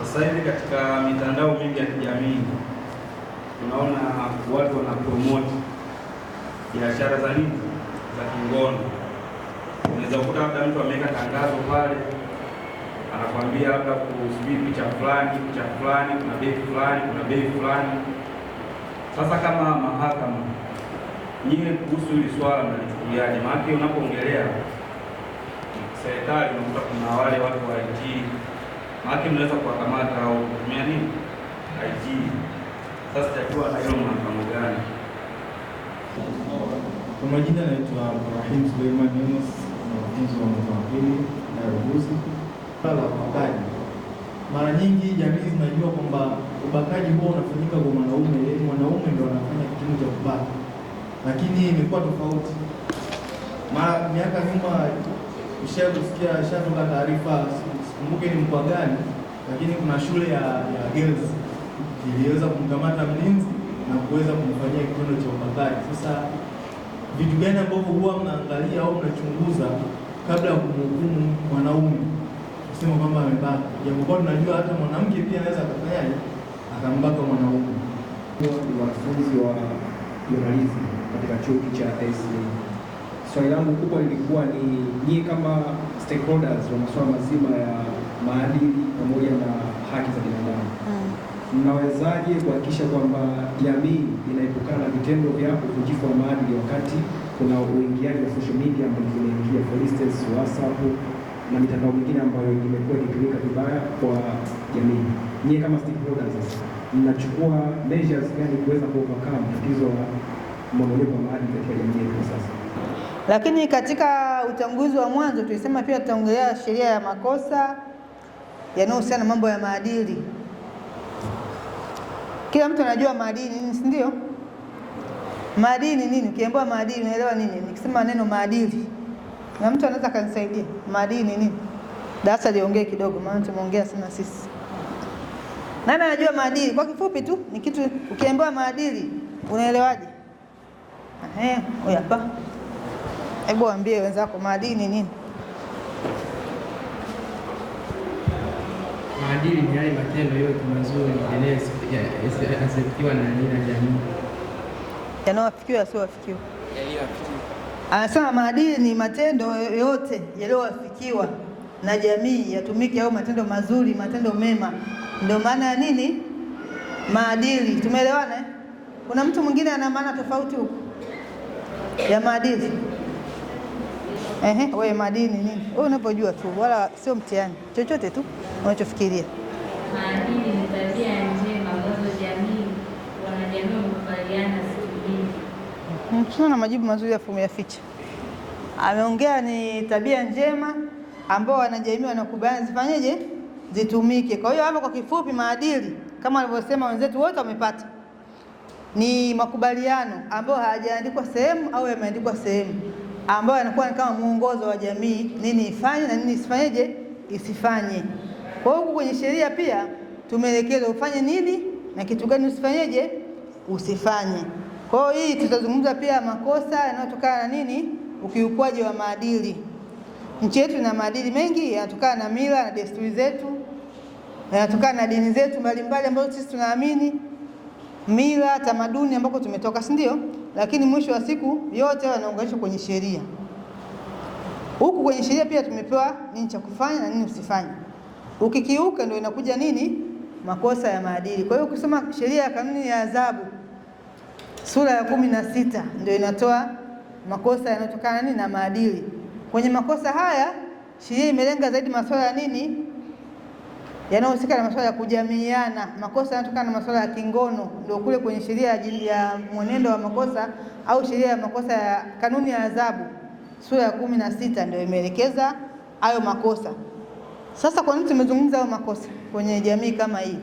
Sasa hivi katika mitandao mingi ya kijamii tunaona watu promote biashara za nini, za kingono. Unaweza kukuta labda mtu ameweka tangazo pale, anakwambia labda kusubiri picha fulani, picha fulani, kuna bei fulani, kuna bei fulani. Sasa kama mahakama, nyie kuhusu hili swala mnalichukuliaje? Maanake unapoongelea serikali unakuta kuna wale watu wa IT maake mnaweza kuwakamata au kutumia nini IG. Sasa sitakuwa na hilo mpango gani? Kwa majina anaitwa Ibrahim Suleiman Yunus, mwanafunzi wa mwaka wa pili na uguzi la ubakaji. Mara nyingi jamii zinajua kwamba ubakaji huo unafanyika kwa mwanaume, yaani mwanaume ndio anafanya kitendo cha kubaka, lakini imekuwa tofauti. Mara miaka nyuma ushakusikia shatoka taarifa sikumbuke ni mkoa gani, lakini kuna shule ya, ya girls iliweza kumkamata mlinzi na kuweza kumfanyia kitendo cha ubakaji. Sasa vitu gani ambavyo huwa mnaangalia au mnachunguza kabla ya kumhukumu mwanaume kusema kwamba amebaka, japokuwa tunajua hata mwanamke pia anaweza akafanyaje akambaka mwanaume? Ni wanafunzi wa journalism katika chuo cha SC. Swali langu kubwa lilikuwa ni nyie kama stakeholders wa masuala mazima ya maadili pamoja na haki za binadamu, hmm. mnawezaje kuhakikisha kwamba jamii inaepukana na vitendo vya uvunjifu wa maadili wakati kuna uingiaji wa social media ambao vinaingia, for instance WhatsApp na mitandao mingine ambayo imekuwa ikitumika vibaya kwa jamii? Nyie kama stakeholders mnachukua measures gani kuweza kuovercome tatizo la mmomonyoko wa maadili katika jamii yetu sasa? Lakini katika utangulizi wa mwanzo tulisema pia tutaongelea sheria ya makosa yanayohusiana na mambo ya maadili. Kila mtu anajua maadili nini, si ndio? Maadili nini? Ukiambiwa maadili unaelewa nini? Nikisema neno maadili, na mtu anaweza akanisaidia maadili ni nini? Darasa liongee kidogo, maana tumeongea sana sisi. Nani anajua maadili? Kwa kifupi tu ni kitu, ukiambiwa maadili unaelewaje? Ehe, hapa Hebu waambie wenzako maadili nini? Maadili ni yale matendo yote mazuri yanayofikiwa na jamii, yanayowafikiwa yasiyowafikiwa. Anasema maadili ni matendo yote yaliyowafikiwa na jamii yatumike, au matendo mazuri, matendo mema. Ndio maana ya nini maadili. Tumeelewana? Eh? Kuna mtu mwingine ana maana tofauti huko ya maadili. Ehe, wewe madini nini? Wewe unapojua tu wala sio mtihani. Chochote tu unachofikiria. Madini ni tabia njema ambazo jamii wanajamii wamekubaliana siku nyingi. Mm-hmm. ana majibu mazuri afu ya ficha. Ameongea ni tabia njema ambao wanajamii wanakubaliana zifanyeje? Zitumike. Kwa hiyo hapa kwa kifupi, maadili kama walivyosema wenzetu wote wamepata ni makubaliano ambayo hayajaandikwa sehemu au yameandikwa sehemu ambayo anakuwa kama mwongozo wa jamii, nini ifanye na nini isifanyeje, isifanye. Kwa hiyo huku kwenye sheria pia tumeelekezwa ufanye nini na kitu gani usifanyeje, usifanye. Kwa hiyo hii tutazungumza pia makosa yanayotokana na nini, ukiukwaji wa maadili. Nchi yetu ina maadili mengi yanatokana na mila na desturi zetu, yanatokana na dini zetu mbalimbali ambazo sisi tunaamini, mila, tamaduni ambako tumetoka, si ndio? lakini mwisho wa siku yote yanaunganishwa kwenye sheria. Huku kwenye sheria pia tumepewa nini cha kufanya na nini usifanye. Ukikiuka ndio inakuja nini makosa ya maadili. Kwa hiyo ukisoma sheria ya kanuni ya adhabu sura ya kumi na sita ndio inatoa makosa yanayotokana nini na maadili. Kwenye makosa haya sheria imelenga zaidi masuala ya nini yanayohusika na masuala ya kujamiiana. Makosa yanayotokana na masuala ya kingono ndio kule kwenye sheria ya mwenendo wa makosa au sheria ya makosa ya kanuni ya adhabu sura ya kumi na sita ndio imeelekeza hayo makosa. Sasa kwa nini tumezungumza hayo makosa kwenye jamii kama hii?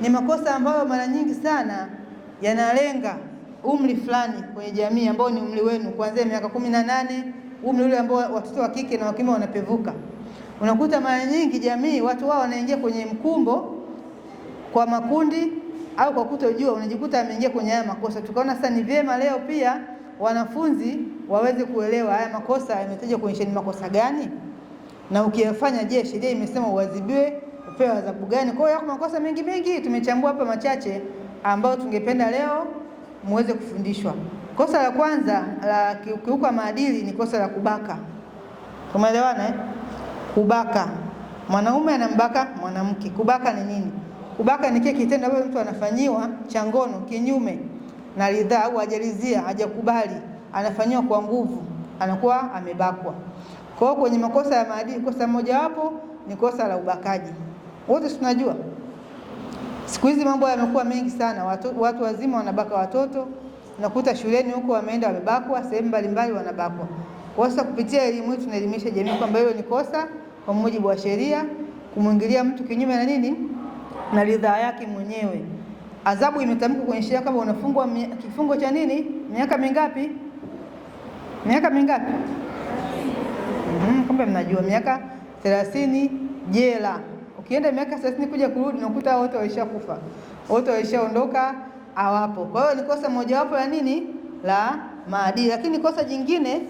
Ni makosa ambayo mara nyingi sana yanalenga umri fulani kwenye jamii ambao ni umri wenu kuanzia miaka kumi na nane, umri ule ambao watoto wa kike na wa kiume wanapevuka. Unakuta mara nyingi jamii watu wao wanaingia kwenye mkumbo kwa makundi au kwa kutojua, unajikuta ameingia kwenye haya makosa. Tukaona sasa ni vyema leo pia wanafunzi waweze kuelewa haya makosa yametajwa kwenye sheria, makosa gani na ukiyafanya, je, sheria imesema uadhibiwe, upewe adhabu gani? Kwa hiyo yako makosa mengi mengi, tumechambua hapa machache ambayo tungependa leo muweze kufundishwa. Kosa la kwanza la kukiuka maadili ni kosa la kubaka. Tumeelewana eh? Kubaka, mwanaume anambaka mwanamke. Kubaka ni nini? Kubaka ni kile kitendo ambacho mtu anafanyiwa cha ngono kinyume na ridhaa au hajalizia, hajakubali, anafanyiwa kwa nguvu, anakuwa amebakwa. Kwa hiyo kwenye makosa ya maadili, kosa mojawapo ni kosa la ubakaji. Wote tunajua siku hizi mambo yamekuwa mengi sana, watu, watu wazima wanabaka watoto. Nakuta shuleni huko wameenda wamebakwa, sehemu mbalimbali wanabakwa. Kwa sasa kupitia elimu hii tunaelimisha jamii kwamba hilo ni kosa kwa mujibu wa sheria, kumwingilia mtu kinyume na nini na ridhaa yake mwenyewe. Adhabu imetamkwa kwenye sheria kama unafungwa kifungo cha nini, miaka mingapi? Miaka mingapi? Mm -hmm, kumbe mnajua miaka thelathini jela. Ukienda miaka thelathini kuja kurudi, unakuta wote waishakufa, wote waishaondoka, hawapo. Kwa hiyo ni kosa mojawapo la nini la maadili, lakini kosa jingine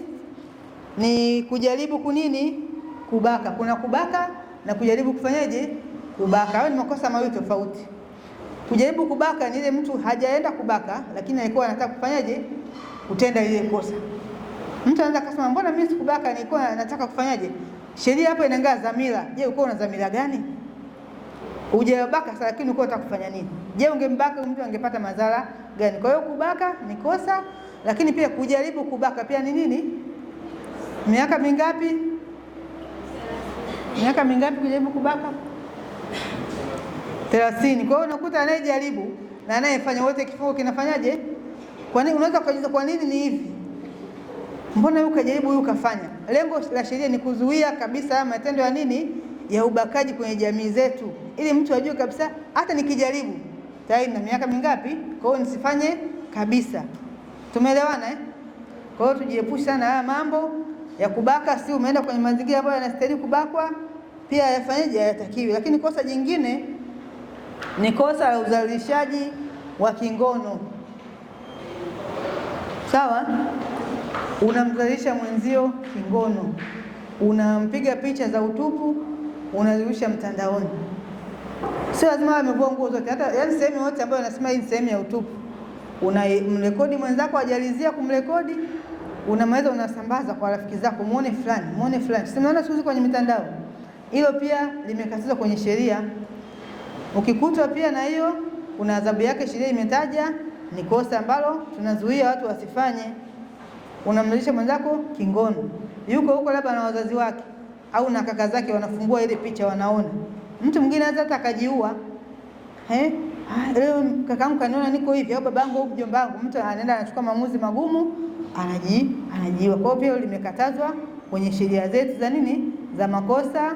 ni kujaribu kunini kubaka. Kuna kubaka na kujaribu kufanyaje kubaka, hayo ni makosa mawili tofauti. Kujaribu kubaka ni ile mtu hajaenda kubaka, lakini alikuwa anataka kufanyaje kutenda ile kosa. Mtu anaweza kusema mbona mimi sikubaka, nilikuwa nataka kufanyaje? Sheria hapo inaangaa dhamira. Je, ulikuwa una dhamira gani? Hujabaka sasa, lakini ulikuwa unataka kufanya nini? Je, ungembaka mtu angepata madhara gani? Kwa hiyo kubaka ni kosa, lakini pia kujaribu kubaka pia ni nini? Miaka mingapi? miaka mingapi kujaribu kubaka? Thelathini. Kwa hiyo unakuta anayejaribu na anayefanya wote kifua kinafanyaje? Kwa nini? Unaweza kujiuliza kwa nini ni hivi? Mbona huyu kajaribu, huyu kafanya? Lengo la sheria ni kuzuia kabisa haya matendo ya nini, ya ubakaji kwenye jamii zetu, ili mtu ajue kabisa, hata nikijaribu tayari na miaka mingapi, kwa hiyo nisifanye kabisa. Tumeelewana eh? Kwa hiyo tujiepushe na haya mambo ya kubaka, si umeenda kwenye mazingira ambayo yanastahili kubakwa pia yafanyaje, hayatakiwi. Lakini kosa jingine ni kosa la uzalishaji wa kingono. Sawa, unamzalisha mwenzio kingono, unampiga picha za utupu, unazirusha mtandaoni. Sio lazima amevua nguo zote, hata yani sehemu yote ambayo anasema hii ni sehemu ya utupu, unamrekodi mwenzako, ajalizia kumrekodi, unamaliza unasambaza kwa rafiki zako, muone fulani, muone fulani. Si mnaona siku hizi kwenye mitandao hilo pia limekatazwa kwenye sheria. Ukikutwa pia na hiyo, kuna adhabu yake, sheria imetaja ni kosa ambalo tunazuia watu wasifanye. Unamlisha mwenzako kingono, yuko huko labda na wazazi wake au na kaka zake, wanafungua ile picha, wanaona mtu mwingine anaweza hata akajiua. Eh, ah, leo kakaangu kaniona niko hivi, au babangu au mjombangu, mtu anaenda anachukua maamuzi magumu, anaji anajiua. Kwa hiyo pia limekatazwa kwenye sheria zetu za nini, za makosa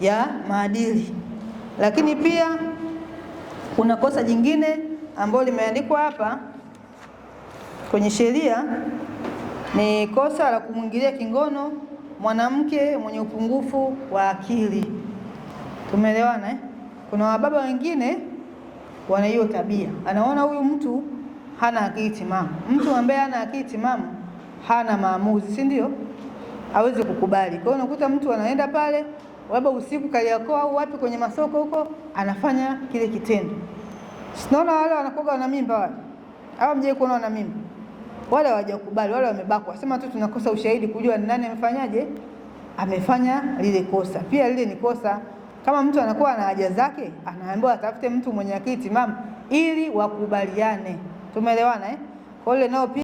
ya maadili. Lakini pia kuna kosa jingine ambalo limeandikwa hapa kwenye sheria ni kosa la kumwingilia kingono mwanamke mwenye upungufu wa akili. Tumeelewana eh? Kuna wababa wengine wana hiyo tabia, anaona huyu mtu hana akili timamu. Mtu ambaye hana akili timamu hana maamuzi, si ndio? Hawezi kukubali. Kwa hiyo unakuta mtu anaenda pale labda usiku Kariakoo au wapi kwenye masoko huko, anafanya kile kitendo. Sinaona wale wanakoga wana mimba wale au mje kuona wana mimba wale, hawajakubali wale, wamebakwa. Sema tu tunakosa ushahidi kujua ni nani amefanyaje, amefanya lile kosa. Pia lile ni kosa. Kama mtu anakuwa na haja zake, anaambiwa atafute mtu mwenye akili timamu ili wakubaliane. Tumeelewana eh? Kwa hiyo nao pia